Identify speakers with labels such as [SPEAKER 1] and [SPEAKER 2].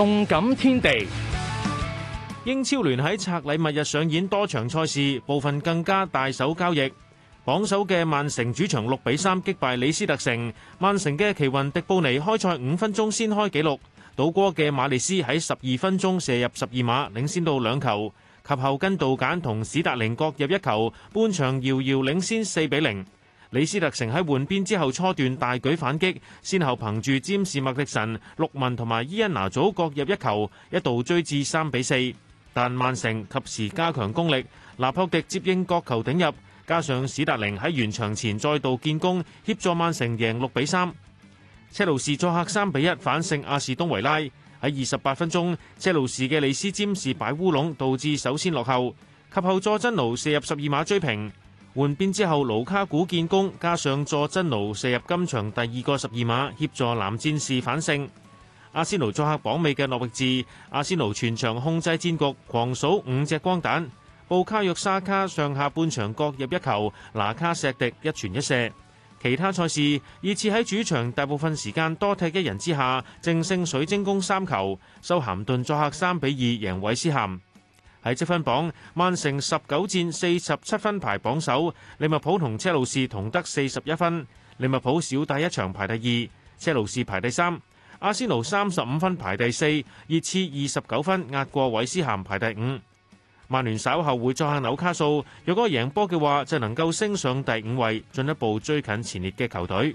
[SPEAKER 1] 動感天地，英超聯喺拆禮物日上演多場賽事，部分更加大手交易。榜首嘅曼城主場六比三擊敗李斯特城。曼城嘅奇雲迪布尼開賽五分鐘先開紀錄，倒戈嘅馬利斯喺十二分鐘射入十二碼，領先到兩球。及後跟杜簡同史達靈各入一球，半場遙遙領先四比零。李斯特城喺換邊之後初段大舉反擊，先後憑住占士麥迪臣、陸文同埋伊恩拿祖各入一球，一度追至三比四。但曼城及時加強攻力，拿破迪接應角球頂入，加上史達寧喺完場前再度建功，協助曼城贏六比三。車路士作客三比一反勝阿士東維拉。喺二十八分鐘，車路士嘅李斯占士擺烏龍，導致首先落後，及後佐真奴射入十二碼追平。換邊之後，盧卡古建功，加上佐真奴射入今場第二個十二碼，協助藍戰士反勝。阿仙奴作客榜尾嘅諾域治，阿仙奴全場控制戰局，狂數五隻光蛋。布卡約沙卡上下半場各入一球，拿卡石迪一傳一射。其他賽事，熱刺喺主場大部分時間多踢一人之下，淨勝水晶宮三球。修咸頓作客三比二贏韋斯咸。喺積分榜，曼城十九戰四十七分排榜首，利物浦同車路士同得四十一分，利物浦少打一場排第二，車路士排第三，阿仙奴三十五分排第四，熱刺二十九分壓過韋斯咸排第五，曼聯稍後會再行紐卡素，如果贏波嘅話就能夠升上第五位，進一步追近前列嘅球隊。